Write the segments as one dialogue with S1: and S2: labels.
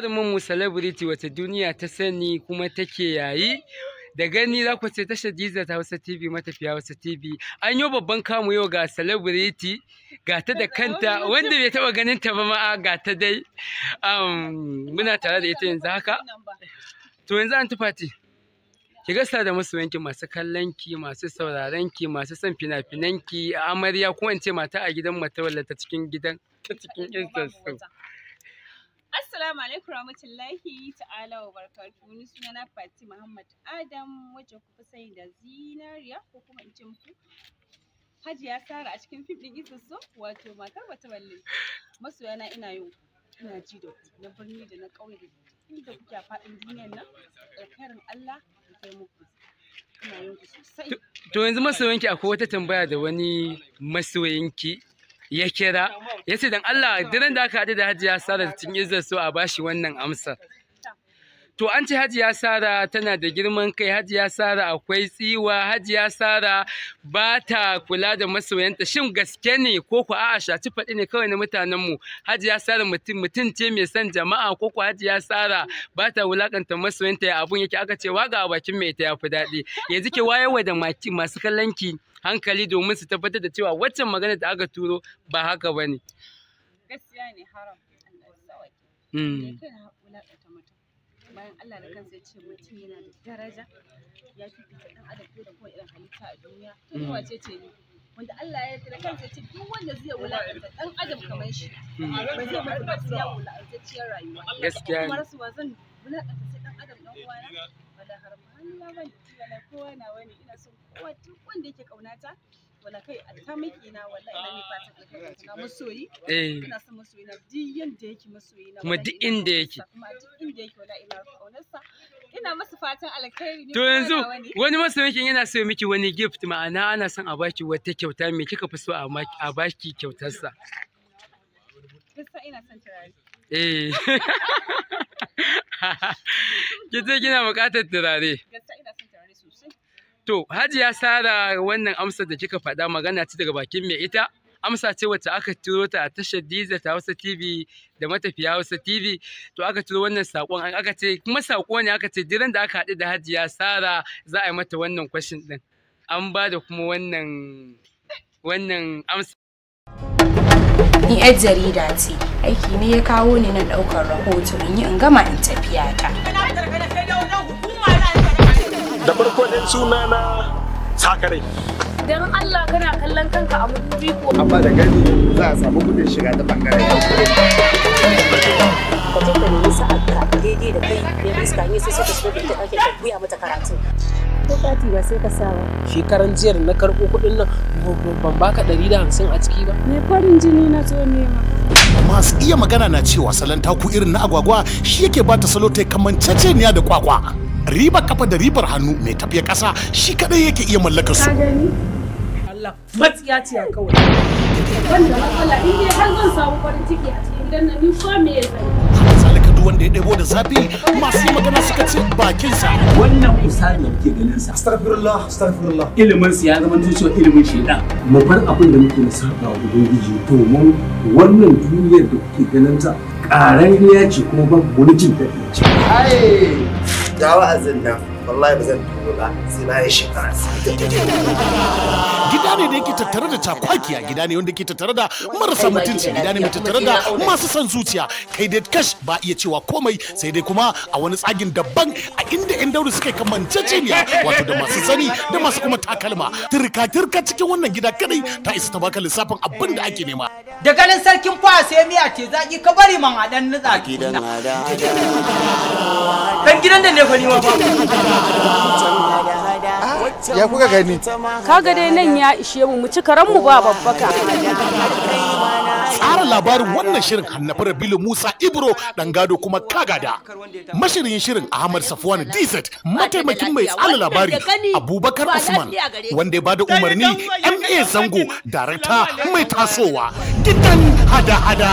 S1: jarumin mu celebrity wata duniya ta sani kuma take yayi da gani za ku ce tashar Diza ta Hausa TV matafiya Hausa TV an yi babban kamu yau ga celebrity ga ta da kanta wanda bai taba ganin ta ba ma ga ta dai muna tare da ita yanzu haka to yanzu an tufati ki gasa da yanki masu kallonki, ki masu sauraron masu son fina-finan ki amarya kuma in ce mata a gidan matawalla ta cikin gidan ta cikin insta
S2: Assalamu alaikum rahmatullahi ta'ala wa barakatuhu ni na Fati Muhammad Adam wacce kuka sani da Zinariya ko kuma in ce muku Hajiya Sara a cikin fim din Isusu wato matar wata balle masoyana ina yau ina ji da ku na birni da na ƙauye inda kuke faɗin duniyar nan alkhairin Allah ya kai muku ina
S1: yin ku sosai to yanzu masoyanki akwai wata tambaya da wani masoyanki ya kira ya ce dan Allah diran da aka haɗu da hajiya Sara cikin izar so a bashi wannan amsar to an ce hajiya Sara tana da girman kai hajiya Sara akwai tsiwa hajiya Sara ba ta kula da masoyanta shin gaske ne ko ku a'a shaci faɗi ne kawai na mutanen mu hajiya Sara mutum mutum ce mai son jama'a ko ku hajiya Sara ba ta wulakanta masoyanta ya abun yake aka ce waga a bakin mai ta yafi daɗi yanzu ke wayewa da masu kallon hankali domin su tabbatar da cewa waccan magana da aka turo ba haka ba ne.
S2: Gaskiya ne haram Allah hmm. bayan Allah da kansa ya ce mutum yana da daraja ya fi ɗan adam fiye da ko irin halitta a duniya tun hmm. wace ce ni wanda Allah ya yarda kansa ce duk wanda zai wulakanta dan adam kamar shi hmm. ba zai mutu ba sai ya ciyar rayuwa gaskiya kuma rasuwa zan wulakanta wala har ma na wala kowa na wani ina son kowa duk wanda yake kaunata wala kai alkamaki na wala ina ne fatan alkamaki na masoyi eh. ina son masoyi na duk yanda yake masoyi na kuma duk inda yake kuma duk inda yake wala ina kaunarsa ina masa fatan alkhairi to yanzu wani
S1: masoyin yana so miki wani gift ma'ana ana son a baki wata kyauta me kika fi so a baki kyautarsa
S2: gaskiya ina son turare
S1: eh Kice kina buƙatar turare. To, Hajiya Sara wannan amsar da kika faɗa magana ce daga bakin mai ita, amsa ce wacce aka turo ta a tashar Diza ta Hausa TV da matafiya Hausa TV. To aka turo wannan saƙon aka ce kuma saƙo ne aka ce diran da aka haɗu da Hajiya Sara za a yi mata wannan kwashin ɗin. An ba da kuma wannan amsa.
S2: Ni 'yar jarida ce. aiki ne ya kawo ni na ɗaukar rahoto in yi in gama in tafiya ta.
S3: Da farko dai suna na sakarai.
S2: Don Allah kana kallon kanka a mutubi ko. Amma
S1: da gani za a samu kudin shiga ta bangare. Ka ta ka nemi
S2: sa'adka daidai da kai da iska ne sai suka so da ta kake buya mata karatu. ko kati ba sai ka sa ba. Shekaran jiyar na karɓo kuɗin nan ban baka ɗari da hamsin a ciki ba. Me farin jini na so nema.
S3: masu iya magana na cewa salon taku irin na agwagwa shi yake ba ta salo ta kamanceceniya da kwakwa ribar kafa da ribar hannu mai tafiya kasa shi kadai yake iya mallakar su
S2: Allah matsiya ce kawai wanda matsala in dai har zan samu farin ciki a cikin gidan nan ni me ya
S3: wanda ya ɗebo da zafi masu magana suka ce bakin sa Wannan misali da kuke ganin sa. Astagfirullah, astagfirullah. Ilimin sa ya zama tushe ilimin shaidan. Mu bar abin da muke saba wa Ubangiji domin wannan duniyar da kuke ganin ta ƙarariya ce kuma babu wani jin daɗi ce. Ai, ga wa'azin nan. wallahi ba zan tuno ba sai na yi shekara gida ne da yake tattare da takwakiya gida ne wanda ke tattare da marasa mutunci gida ne mai tattare da masu son zuciya kai dai kash ba iya cewa komai sai dai kuma a wani tsagin daban a inda yan daure suka jiniya. wato da masu sani da masu kuma takalma turka turka cikin wannan gida kadai ta isa ta baka lissafin abin da ake nema da ganin sarkin kwa sai miya ce zaki ka bari man dan nutsa gidan
S2: gidan da ne fa ni ma
S3: ah, ya kuka gani
S2: kaga dai nan ya ishe mu mu ci karan mu ba babbaka
S3: tsara labarin wannan shirin hannafi rabilu musa ibro dan gado kuma kagada mashirin shirin ahmad safwan dz mataimakin mai tsara labari abubakar usman wanda ya bada umarni ma zango darakta mai tasowa gidan hada-hada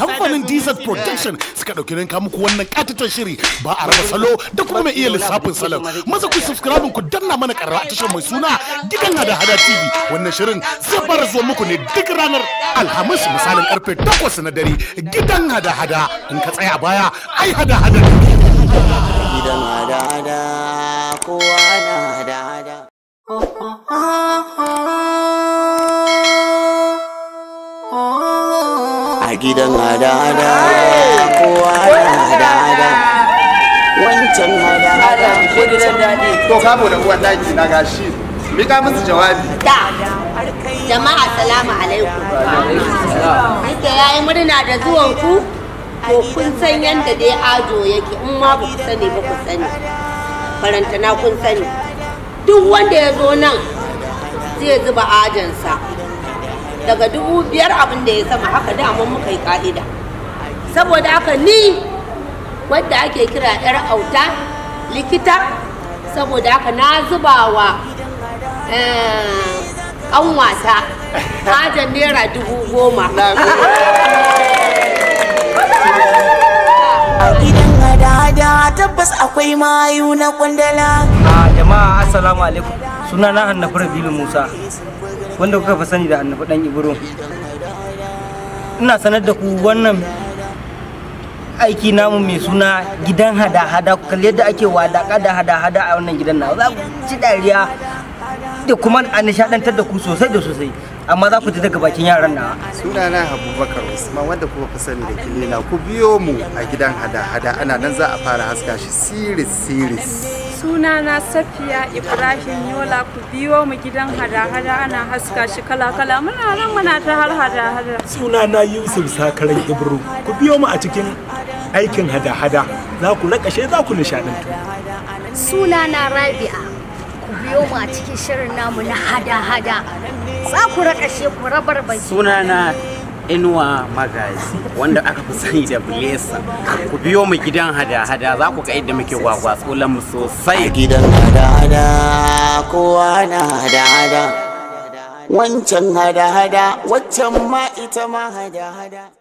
S3: kamfanin diesel protection suka ɗauki ranka muku wannan katatar shiri ba a raba salo da kuma mai iya lissafin salon maza ku subscribe ku danna mana karra a tashar mai suna gidan hada-hada tv wannan shirin zai fara zuwa muku ne duk ranar alhamis misalin karfe takwas na dare gidan hada-hada in ka tsaya baya ai hada-hada gidan
S1: hada-hada kowa na hada-hada Oh, oh, oh.
S3: oh gidan hada-hada kowa na hada-hada wancan hada-hada to kamo da kuwa daji
S2: na gashi mika musu jawabi jama'a salamu alaikum ake yayi murna da zuwan ku ko kun san yadda dai ajo yake in ma ba ku sani ba ku sani farantana kun sani duk wanda ya zo nan zai zuba ajansa daga dubu biyar abin da ya sama haka da mun muka yi ka'ida saboda haka ni wadda ake kira yar auta likita saboda haka na zuba wa eh, wata hajjar naira dubu goma da tabbas akwai mayu na kundala.
S1: Ah, jama'a assalamu alaikum sunana hannafi musa wanda kuka fa sani da annabi dan ibro ina sanar da ku wannan aiki namu mai suna gidan hada-hada kuka yadda ake wadaka da hada-hada a wannan gidan na za ku ci dariya da kuma a nishadantar da ku sosai da sosai amma za ku ji daga bakin yaran na sunana abubakar usman wanda kuka fi sani da kilina ku biyo mu a gidan hada-hada ana nan za a fara haska shi siris siris Suna na safiya ibrahim
S2: yola ku biyo mu gidan hada-hada ana haska shi kala-kala muna nan muna ta har hada-hada
S3: Suna na yusuf sakaran ibro ku biyo mu a cikin aikin hada-hada za ku nakashe za ku nishadantu
S2: na rabi'a ku biyo mu a cikin shirin namu na hada-hada za ku rakashe ku rabar bai na inuwa magazi wanda aka fi sani da blesa ku biyo mu gidan hada-hada za ku ga inda muke gwagwa tsolan mu sosai gidan hada-hada kowa na hada-hada wancan hada-hada waccan ma ita ma hada-hada